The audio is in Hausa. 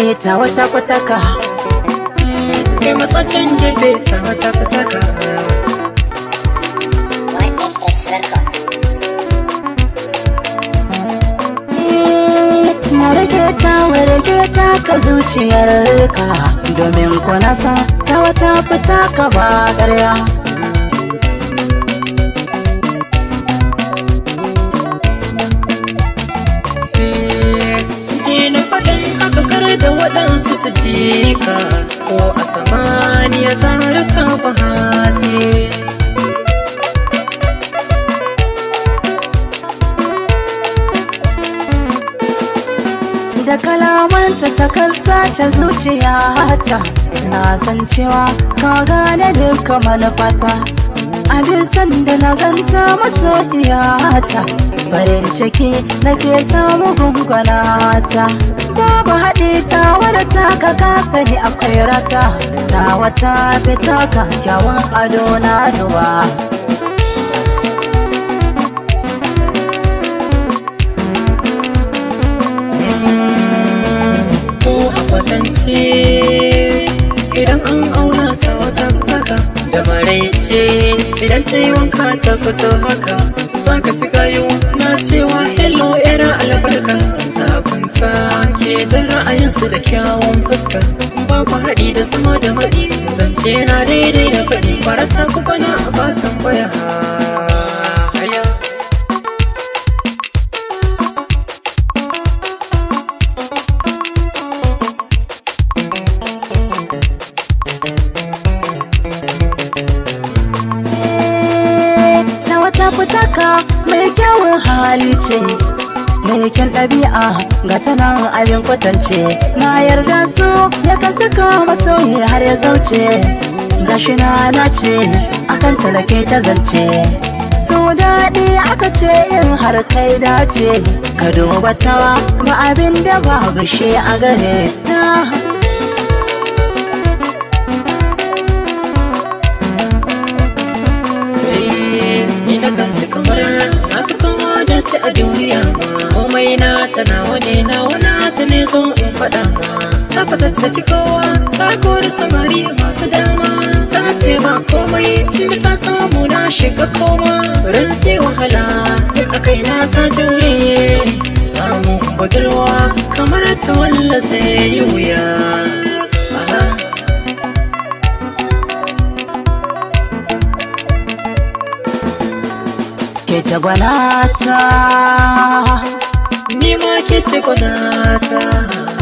Eta wata kwataka Ke matsacin gebe ta wata kwataka Marigeta warigeta ka zuciyarka domin kunasa ta wata fita ka ba ƙarya. da waɗansu su ka, ko a samaniya zara ta bahasi da kalamanta ta ce zuciya hata na san cewa ka gane duka manufata a sanda na ganta masoyiyata farin ciki nake samu gungunata babu haɗi ta wadda ta ka kasa ni akwai rata ta wata fita kyawun ado na duba maraice idan ta yi wanka ta fito haka za ka ci gayu na cewa hello era albarka ta kunta ke jin ra'ayinsu da kyawun fuska Ba ku haɗi da suma da maɗi zance na daidai da faɗi fara ta kuma na ba tambaya hali ce mai kyan ɗabi'a ga tana abin kwatance na yarda su ya kan saka masoyi har ya zauce ga na na ce akan talake ta zance sau daɗi aka ce in har kai dace ka duba tawa ba abin da babu shi a gare komai na tana wane na ta ne zo in faɗa ma ta fi kowa ta kori samari masu dama ta ce ba komai tun ta samu na shiga koma ran sai wahala duk a kaina ta jure samu budurwa kamar ta wallace yi wuya ke wuce gwanata